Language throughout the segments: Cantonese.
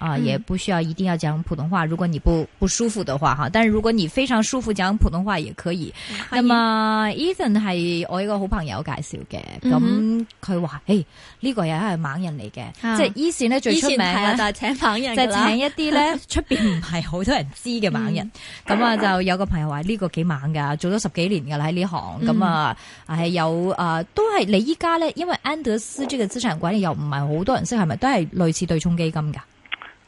啊，也不需要一定要講普通話、嗯。如果你不不舒服的話，哈，但是如果你非常舒服講普通話也可以。可以那麼 Ethan 係我一個好朋友介紹嘅，咁佢話誒呢個又係猛人嚟嘅、嗯，即係 Ethan 呢最出名就係請猛人，就是、請一啲咧出邊唔係好多人知嘅猛人。咁、嗯、啊就有個朋友話呢、這個幾猛噶，做咗十幾年噶啦喺呢行，咁、嗯、啊係有誒、呃、都係你依家咧，因為安德斯呢個資產管理又唔係好多人識，係咪都係類似對沖基金噶？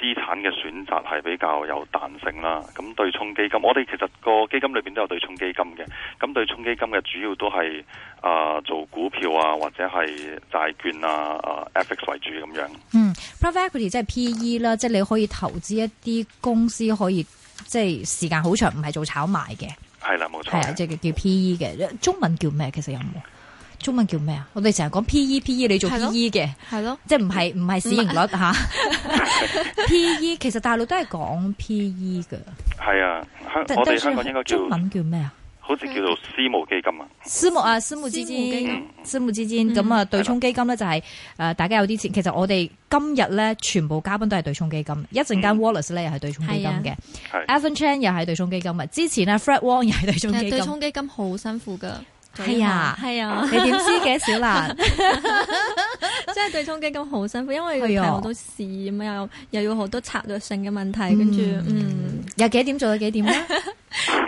資產嘅選擇係比較有彈性啦，咁對沖基金，我哋其實個基金裏邊都有對沖基金嘅，咁對沖基金嘅主要都係啊、呃、做股票啊或者係債券啊啊、呃、FX 為主咁樣。嗯，private equity 即係 PE 啦，即係你可以投資一啲公司可以即係時間好長，唔係做炒賣嘅。係啦，冇錯。係啊，即係叫 PE 嘅，中文叫咩？其實有冇？中文叫咩啊？我哋成日講 P E P E，你做 P E 嘅，係咯，即係唔係唔係市盈率吓？P E 其實大陸都係講 P E 嘅，係啊，我哋香港應該中文叫咩啊？好似叫做私募基金啊。私募啊，私募基金，私募基金咁啊，嗯嗯嗯嗯、對沖基金咧就係誒，大家有啲錢。其實我哋今日咧，全部嘉賓都係對沖基金。一陣間 Wallace 咧又係對沖基金嘅 Alvin Chan 又係對沖、啊、基金啊。之前咧 Fred Wong 又係對沖基金。其實對沖基金好辛苦噶。係啊，係啊，啊，你點知嘅小蘭？ 真係對衝擊咁好辛苦，因為佢係好多事咁，啊，又又要好多策略性嘅問題，跟住嗯，有、嗯、幾點做到幾點咧？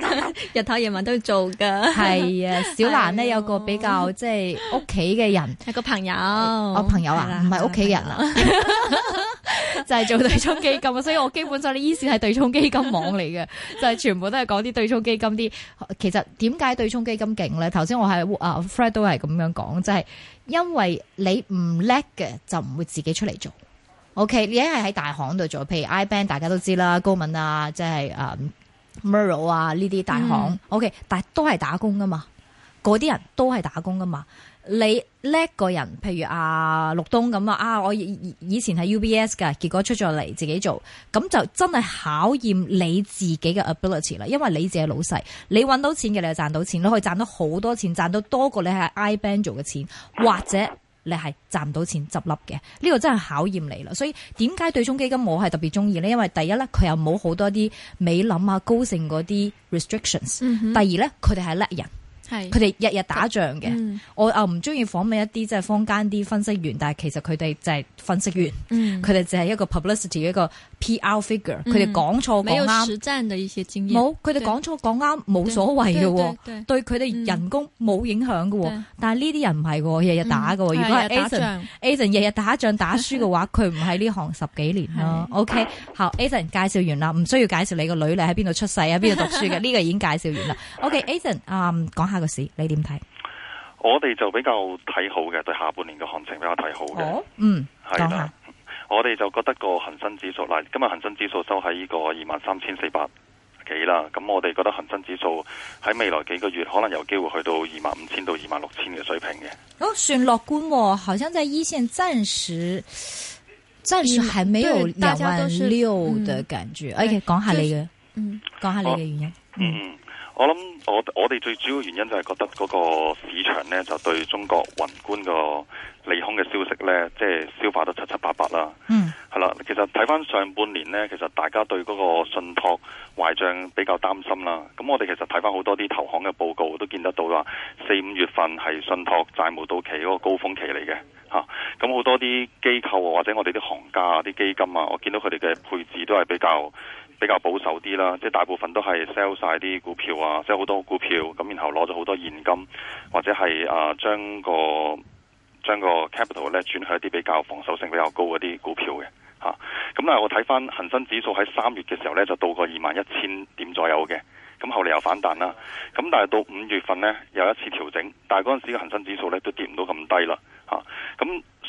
日頭夜晚都要做㗎。係啊，小蘭咧 有個比較即係屋企嘅人，係個朋友，我、哦、朋友啊，唔係屋企人啊。 就係、是、做對沖基金啊， 所以我基本上你依線係對沖基金網嚟嘅，就係、是、全部都係講啲對沖基金啲。其實點解對沖基金勁咧？頭先我係啊、uh，Fred 都係咁樣講，就係、是、因為你唔叻嘅就唔會自己出嚟做。OK，你一係喺大行度做，譬如 I Bank，大家都知啦，高盛啊，即、就、係、是 um, Morrow 啊呢啲大行、嗯。OK，但都係打工噶嘛，嗰啲人都係打工噶嘛。你叻個人，譬如啊，陸東咁啊，啊，我以前係 UBS 噶，結果出咗嚟自己做，咁就真係考驗你自己嘅 ability 啦。因為你自己係老細，你揾到錢嘅你就賺到錢，你可以賺到好多錢，賺到多過你喺 i-bank 做嘅錢，或者你係賺唔到錢執笠嘅，呢個真係考驗你啦。所以點解對沖基金我係特別中意呢？因為第一呢佢又冇好多啲美林啊、高盛嗰啲 restrictions，第二呢佢哋係叻人。佢哋日日打仗嘅、嗯，我啊唔中意訪問一啲即係坊間啲分析員，但係其實佢哋就係分析員，佢、嗯、哋就係一個 publicity 一個 PR figure，佢哋講錯講啱冇，佢哋講錯講啱冇所謂嘅喎，對佢哋人工冇影響嘅喎，但係呢啲人唔係喎，日日打嘅喎、嗯，如果係 Athen Athen 日日打仗打輸嘅話，佢唔喺呢行十幾年啦。 OK，好 Athen 介紹完啦，唔需要介紹你個女你喺邊度出世喺邊度讀書嘅，呢 個已經介紹完啦。OK、okay, Athen 啊、um,，講下。個市你點睇？我哋就比較睇好嘅，對、就是，下半年嘅行情比較睇好嘅、哦。嗯，係啦，我哋就覺得個恒生指數，嗱，今日恒生指數收喺呢個二萬三千四百幾啦。咁我哋覺得恒生指數喺未來幾個月可能有機會去到二萬五千到二萬六千嘅水平嘅。哦，算樂觀、哦，好像在一線暫時暫時還沒有兩萬六的感覺。講下你嘅，嗯，講、OK, 下你嘅、就是嗯、原因，哦、嗯。我諗我我哋最主要原因就係覺得嗰個市場咧，就對中國宏觀個利空嘅消息咧，即係消化得七七八八啦。嗯，係啦，其實睇翻上半年咧，其實大家對嗰個信託壞賬比較擔心啦。咁我哋其實睇翻好多啲投行嘅報告，我都見得到啦，四五月份係信託債務到期嗰個高峰期嚟嘅吓。咁啊好多啲機構或者我哋啲行家，啲基金啊，我見到佢哋嘅配置都係比較。比較保守啲啦，即係大部分都係 sell 曬啲股票啊，即係好多股票咁，然後攞咗好多現金，或者係啊將個將個 capital 咧轉去一啲比較防守性比較高嗰啲股票嘅嚇。咁啊，但係我睇翻恒生指數喺三月嘅時候咧，就到過二萬一千點左右嘅，咁、啊、後嚟又反彈啦。咁、啊、但係到五月份呢，又一次調整，但係嗰陣時嘅恒生指數咧都跌唔到咁低啦咁、啊啊、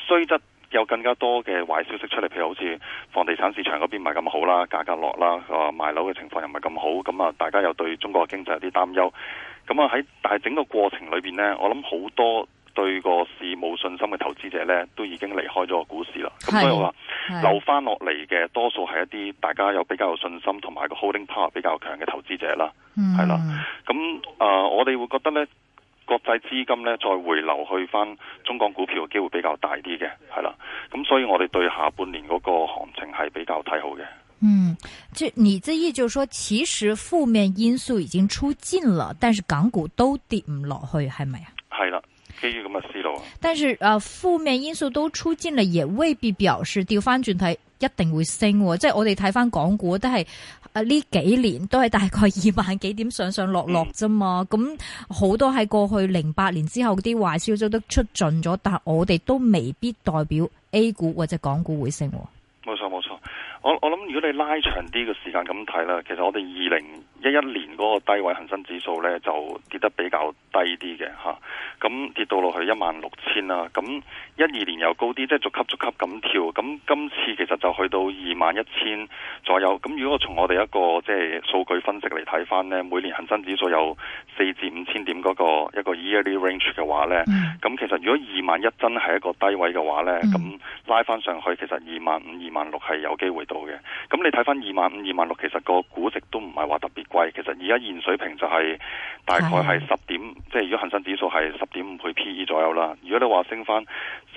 雖則。有更加多嘅壞消息出嚟，譬如好似房地產市場嗰邊唔係咁好啦，價格落啦，啊賣樓嘅情況又唔係咁好，咁啊大家又對中國嘅經濟有啲擔憂。咁啊喺但係整個過程裏面呢，我諗好多對個市冇信心嘅投資者呢，都已經離開咗個股市啦。咁所以話，留翻落嚟嘅多數係一啲大家有比較有信心同埋個 holding power 比較強嘅投資者啦。嗯，係啦。咁、呃、我哋會覺得呢。國際資金咧，再回流去翻中港股票嘅機會比較大啲嘅，係啦，咁所以我哋對下半年嗰個行情係比較睇好嘅。嗯，這你即你之意，就是說其實負面因素已經出盡了，但是港股都跌唔落去係咪？係啦，基於咁嘅思路。但是啊，負面因素都出盡了，也未必表示調翻轉睇，一定會升，即係我哋睇翻港股都係呢幾年都係大概二萬幾點上上落落啫嘛。咁、嗯、好多喺過去零八年之後嗰啲壞消息都出盡咗，但係我哋都未必代表 A 股或者港股會升。我我諗，如果你拉長啲嘅時間咁睇啦，其實我哋二零一一年嗰個低位恒生指數咧，就跌得比較低啲嘅，咁跌到落去一萬六千啦，咁一二年又高啲，即係逐級逐級咁跳，咁今次其實就去到二萬一千左有，咁如果從我哋一個即係數據分析嚟睇翻咧，每年恆生指數有四至五千點嗰個一個 yearly range 嘅話咧，咁、mm. 其實如果二萬一真係一個低位嘅話咧，咁、mm. 拉翻上去其實二萬五、二萬六係有機會。到嘅，咁你睇翻二萬五、二萬六，其實個估值，都唔係話特別貴。其實而家現水平就係大概係十點，即係如果恆生指數係十點五倍 PE 左右啦。如果你話升翻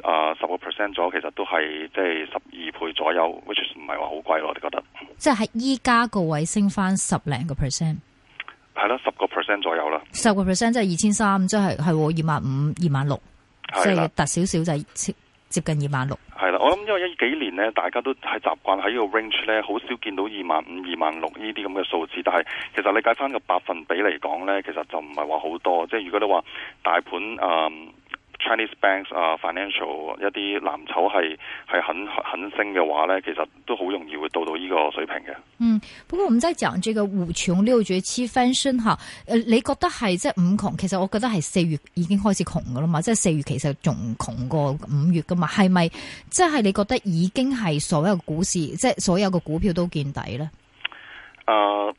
啊十個 percent 咗，其實都係即係十二倍左右，which 唔係話好貴咯，我哋覺得。即係依家個位升翻十零個 percent，係咯，十個 percent 左右啦。十個 percent 即係二千三，即係係二萬五、二萬六，即係特少少就。接近二萬六，係啦，我諗因為一幾年咧，大家都係習慣喺呢個 range 咧，好少見到二萬五、二萬六呢啲咁嘅數字，但係其實你計翻個百分比嚟講咧，其實就唔係話好多。即係如果你話大盤誒。Chinese banks 啊、uh,，financial 一啲藍籌係係很很升嘅話咧，其實都好容易會到到呢個水平嘅。嗯，不過我唔知係講呢個五強呢個短期翻身嚇。誒，你覺得係即係五窮？其實我覺得係四月已經開始窮㗎啦嘛，即係四月其實仲窮過五月㗎嘛，係咪？即、就、係、是、你覺得已經係所有股市，即係所有嘅股票都見底咧？誒、uh,。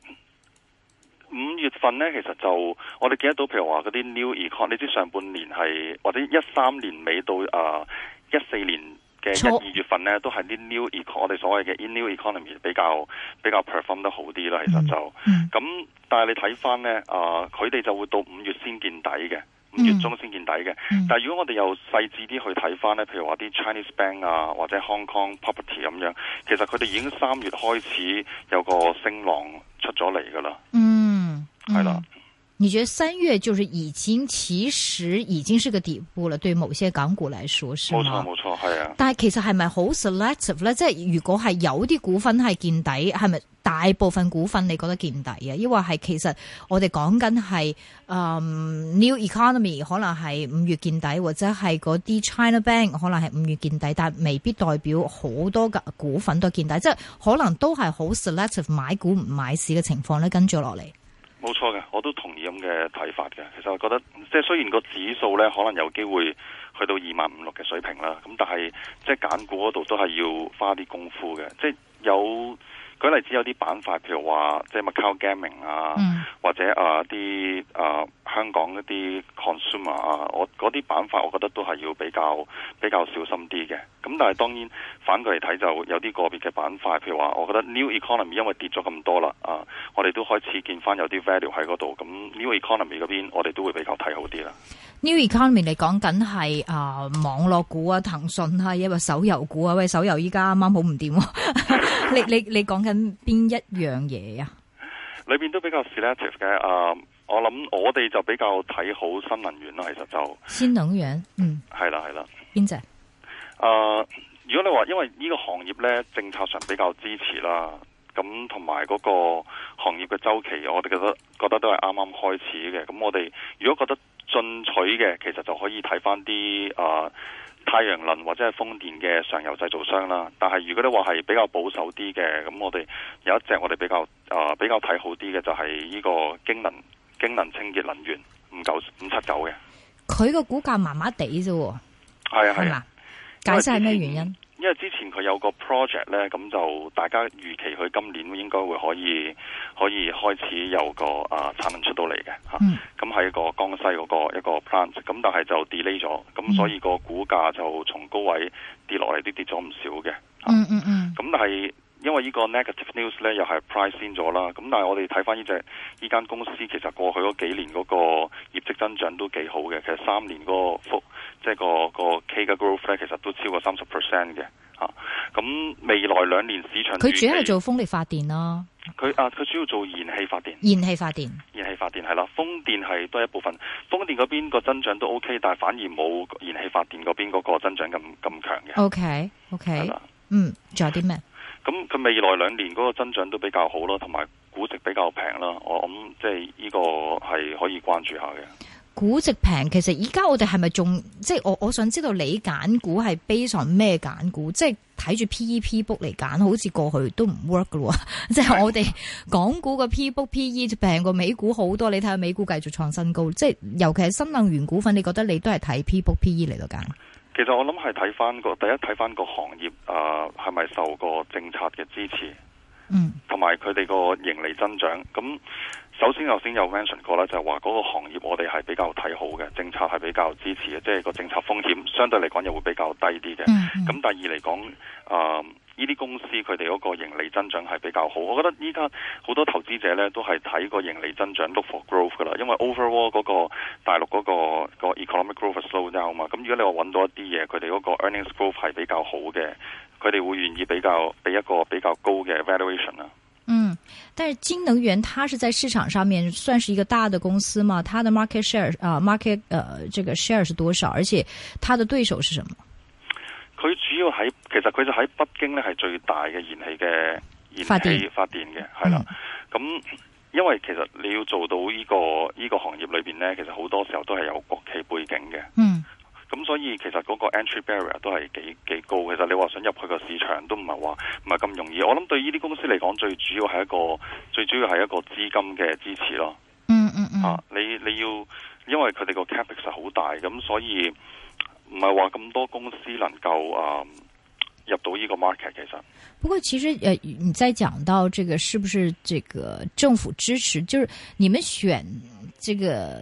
五月份咧，其實就我哋記得到，譬如話嗰啲 new economy，你知上半年係或者一三年尾到啊、呃、一四年嘅一二月份咧，都係啲 new economy，我哋所謂嘅 in new economy 比較比較 perform 得好啲啦。其實就咁、嗯嗯，但係你睇翻咧啊，佢、呃、哋就會到五月先見底嘅，五月中先見底嘅、嗯。但係如果我哋又細緻啲去睇翻咧，譬如話啲 Chinese bank 啊，或者 Hong Kong property 咁樣，其實佢哋已經三月開始有個升浪出咗嚟噶啦。嗯。係、嗯、啦，你覺得三月就是已經其實已經是個底部了？對某些港股來說，是冇錯冇錯，係啊。但係其實係咪好 selective 咧？即、就、係、是、如果係有啲股份係見底，係咪大部分股份你覺得見底啊？抑或係其實我哋講緊係誒 new economy 可能係五月見底，或者係嗰啲 China Bank 可能係五月見底，但未必代表好多嘅股份都見底，即、就、係、是、可能都係好 selective 買股唔買市嘅情況咧，跟住落嚟。冇錯嘅，我都同意咁嘅睇法嘅。其實我覺得，即係雖然個指數咧可能有機會去到二萬五六嘅水平啦，咁但係即係揀股嗰度都係要花啲功夫嘅，即係有。舉例只有啲板塊，譬如話即係 Macau Gaming 啊，嗯、或者啊啲啊香港嗰啲 consumer 啊，我嗰啲板塊，塊我覺得都係要比較比較小心啲嘅。咁、嗯、但係當然反過嚟睇，就有啲個別嘅板塊，譬如話，我覺得 new economy 因為跌咗咁多啦，啊，我哋都開始見翻有啲 value 喺嗰度，咁 new economy 嗰邊，我哋都會比較睇好啲啦。New economy 你講緊係啊網絡股啊騰訊啊，因為手遊股啊，喂，手遊依家啱啱好唔掂，啊、 你你你講緊邊一樣嘢啊？裏邊都比較 selective 嘅啊，呃，我諗我哋就比較睇好新能源咯。其實就新能源，嗯，係啦係啦，邊隻、呃，如果你話因為呢個行業咧，政策上比較支持啦，咁同埋嗰個行業嘅週期，我哋覺得覺得都係啱啱開始嘅。咁我哋如果覺得，進取嘅，其實就可以睇返啲啊，太陽能或者係風電嘅上游製造商啦。但係如果你話係比較保守啲嘅，咁我哋有一隻我哋比較啊、呃、比較睇好啲嘅，就係、是、呢個京能京能清潔能源五九五七九嘅。佢個股價麻麻地啫喎，係啊係啊，解釋係咩原因？因為之前佢有個 project 呢，咁就大家預期佢今年應該會可以可以開始有個啊產品出到嚟嘅吓，咁、嗯、係、啊、一個江西嗰個一個 plant，咁但係就 delay 咗，咁所以個股價就從高位跌落嚟都跌咗唔少嘅，咁、啊嗯嗯嗯啊、但係因為呢個 negative news 呢，又係 price in 咗啦，咁但係我哋睇翻呢隻呢間公司其實過去嗰幾年嗰個業績增長都幾好嘅，其實三年嗰個幅。即係個個 K 嘅 growth 咧，其實都超過三十 percent 嘅吓。咁、啊、未來兩年市場，佢主要係做風力發電啦。佢啊，佢主要做燃氣發電，燃氣發電，燃氣發電係啦。風電係多一部分，風電嗰邊個增長都 OK，但係反而冇燃氣發電嗰邊個增長咁咁強嘅。OK，OK，、okay, okay, 係啦，嗯，仲有啲咩？咁佢未來兩年嗰個增長都比較好咯，同埋估值比較平啦。我諗即係呢個係可以關注下嘅。估值平，其實而家我哋係咪仲即係我我想知道你揀股係 basically 咩揀股？即係睇住 P E P book 嚟揀，好似過去都唔 work 噶喎。即係我哋港股個 P book P E 就平過美股好多，你睇下美股繼續創新高。即係尤其係新能源股份，你覺得你都係睇 P book P E 嚟到揀？其實我諗係睇翻個第一睇翻個行業啊，係咪受個政策嘅支持？嗯，同埋佢哋個盈利增長咁。首先，頭先有 mention 過啦，就係話嗰個行業我哋係比較睇好嘅，政策係比較支持嘅，即係個政策風險相對嚟講又會比較低啲嘅。咁、mm -hmm. 第二嚟講，啊、呃，呢啲公司佢哋嗰個盈利增長係比較好。我覺得依家好多投資者咧都係睇個盈利增長 look for growth 噶啦，因為 overall 嗰個大陸嗰個嗰個 economic growth slow down 嘛。咁如果你話揾到一啲嘢，佢哋嗰個 earnings growth 係比較好嘅，佢哋會願意比較俾一個比較高嘅 valuation 啦。但是金能源，它是在市場上面算是一個大的公司嘛？它的 market share 啊、uh,，market，呃、uh，這個 share 是多少？而且它的對手是什麼？佢主要喺，其實佢就喺北京呢係最大嘅燃氣嘅燃氣發電嘅，係啦。咁、嗯嗯、因為其實你要做到呢、這個呢、這個行業裏邊呢，其實好多時候都係有國企背景嘅。其實嗰個 entry barrier 都係幾幾高，其實你話想入去個市場都唔係話唔係咁容易。我諗對呢啲公司嚟講，最主要係一個最主要係一個資金嘅支持咯。嗯嗯嗯。啊，你你要因為佢哋個 CapEx 係好大，咁所以唔係話咁多公司能夠啊、嗯、入到呢個 market。其實不過其實誒，你再講到這個，是不是這個政府支持？就是你們選這個。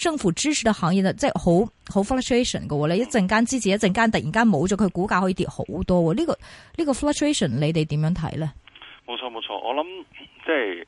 政府支持嘅行業咧，即係好好 fluctuation 嘅喎，你一陣間支持，一陣間突然間冇咗，佢股價可以跌好多。這個這個、呢個呢個 fluctuation，你哋點樣睇咧？冇錯冇錯，我諗即係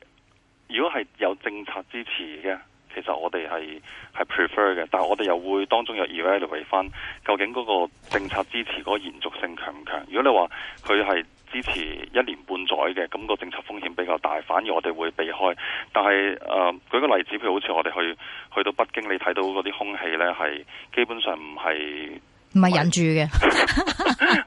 如果係有政策支持嘅，其實我哋係係 prefer 嘅，但係我哋又會當中有 evaluate 翻，究竟嗰個政策支持嗰個延續性強唔強？如果你話佢係。支持一年半載嘅，咁個政策風險比較大，反而我哋會避開。但係誒，舉個例子，譬如好似我哋去去到北京，你睇到嗰啲空氣咧，係基本上唔係。唔係忍住嘅 啊，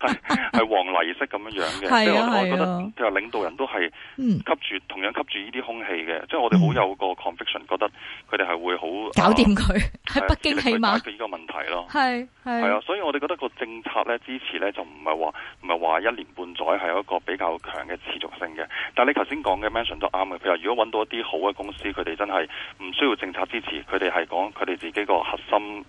係係黃泥色咁樣樣嘅。係啊，我覺得佢話領導人都係吸住，同樣吸住呢啲空氣嘅、嗯。即係我哋好有個 conviction 覺得佢哋係會好搞掂佢，喺北京起碼，啊、解決呢個問題咯。係係啊，所以我哋覺得個政策咧，支持咧，就唔係話唔係話一年半載，係一個比較強嘅持續性嘅。但係你頭先講嘅 mention 都啱嘅。譬如，如果揾到一啲好嘅公司，佢哋真係唔需要政策支持，佢哋係講佢哋自己個核心。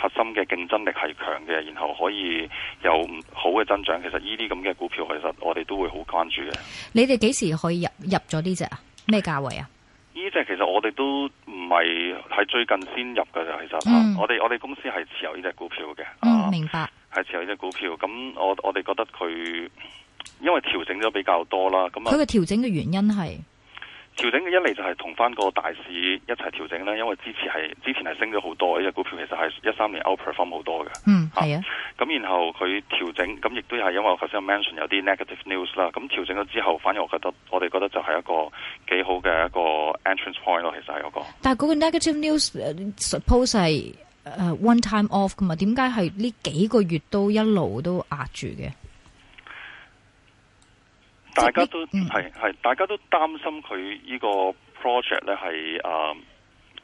核心嘅競爭力係強嘅，然後可以有好嘅增長。其實呢啲咁嘅股票，其實我哋都會好關注嘅。你哋幾時可以入入咗呢隻啊？咩價位啊？呢隻其實我哋都唔係喺最近先入嘅，其實、嗯、我哋我哋公司係持有呢隻股票嘅、嗯啊。嗯，明白。係持有呢隻股票，咁我我哋覺得佢因為調整咗比較多啦。咁佢嘅調整嘅原因係。調整嘅一嚟就係同翻個大市一齊調整啦，因為之前係之前係升咗好多，一隻股票其實係一三年 outperform 好多嘅。嗯，係啊。咁、啊、然後佢調整，咁亦都係因為我頭先有 mention 有啲 negative news 啦。咁調整咗之後，反而我覺得我哋覺得就係一個幾好嘅一個 entrance point 咯，其實係一、嗰個。但係嗰個 negative news suppose 係 one time off 噶嘛？點解係呢幾個月都一路都壓住嘅？大家都係係、嗯，大家都擔心佢呢個 project 呢，係啊，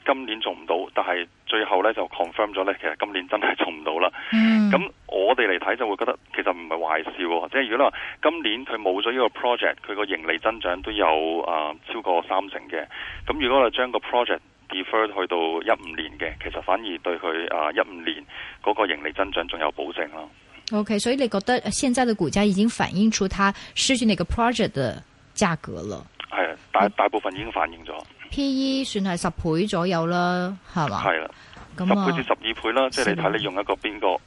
今年做唔到，但係最後呢，就 confirm 咗呢，其實今年真係做唔到啦。咁、嗯、我哋嚟睇就會覺得其實唔係壞事喎、哦。即、就、係、是、如果話今年佢冇咗呢個 project，佢個盈利增長都有啊超過三成嘅。咁如果我將個 project defer 去到一五年嘅，其實反而對佢啊一五年嗰個盈利增長仲有保證咯。O.K.，所以你覺得現在的股價已經反映出它失去那個 project 的價格了？係啊，大大部分已經反映咗。P.E. 算係十倍左右啦，係嘛？係啦，咁啊，十倍至十二倍啦，即係你睇你用一個邊個。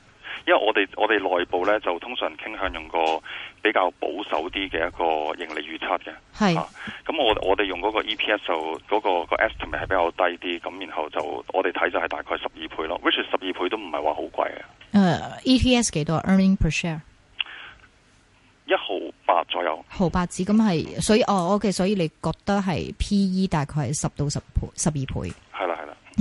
因為我哋我哋內部咧就通常傾向用個比較保守啲嘅一個盈利預測嘅，係，咁、啊、我我哋用嗰個 E P S 就、嗰、嗰個、嗰個 estimate 係比較低啲，咁然後就我哋睇就係大概十二倍咯，which 十二倍都唔係話好貴嘅。Uh, E P S 幾多？Earning per share 一毫八左右，毫八紙咁係，所以哦 O K，所以你覺得係 P E 大概係十到十倍十二倍。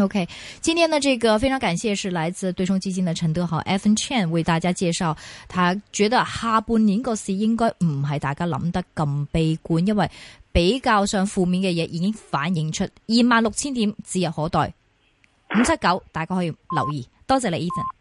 OK，今天呢，這個非常感謝是來自對沖基金的陳德豪，Ethan Chan 為大家介紹，他覺得下半年個市應該唔係大家諗得咁悲觀，因為比較上負面嘅嘢已經反映出二萬六千點指日可待，五七九，大家可以留意，多謝你，Ethan。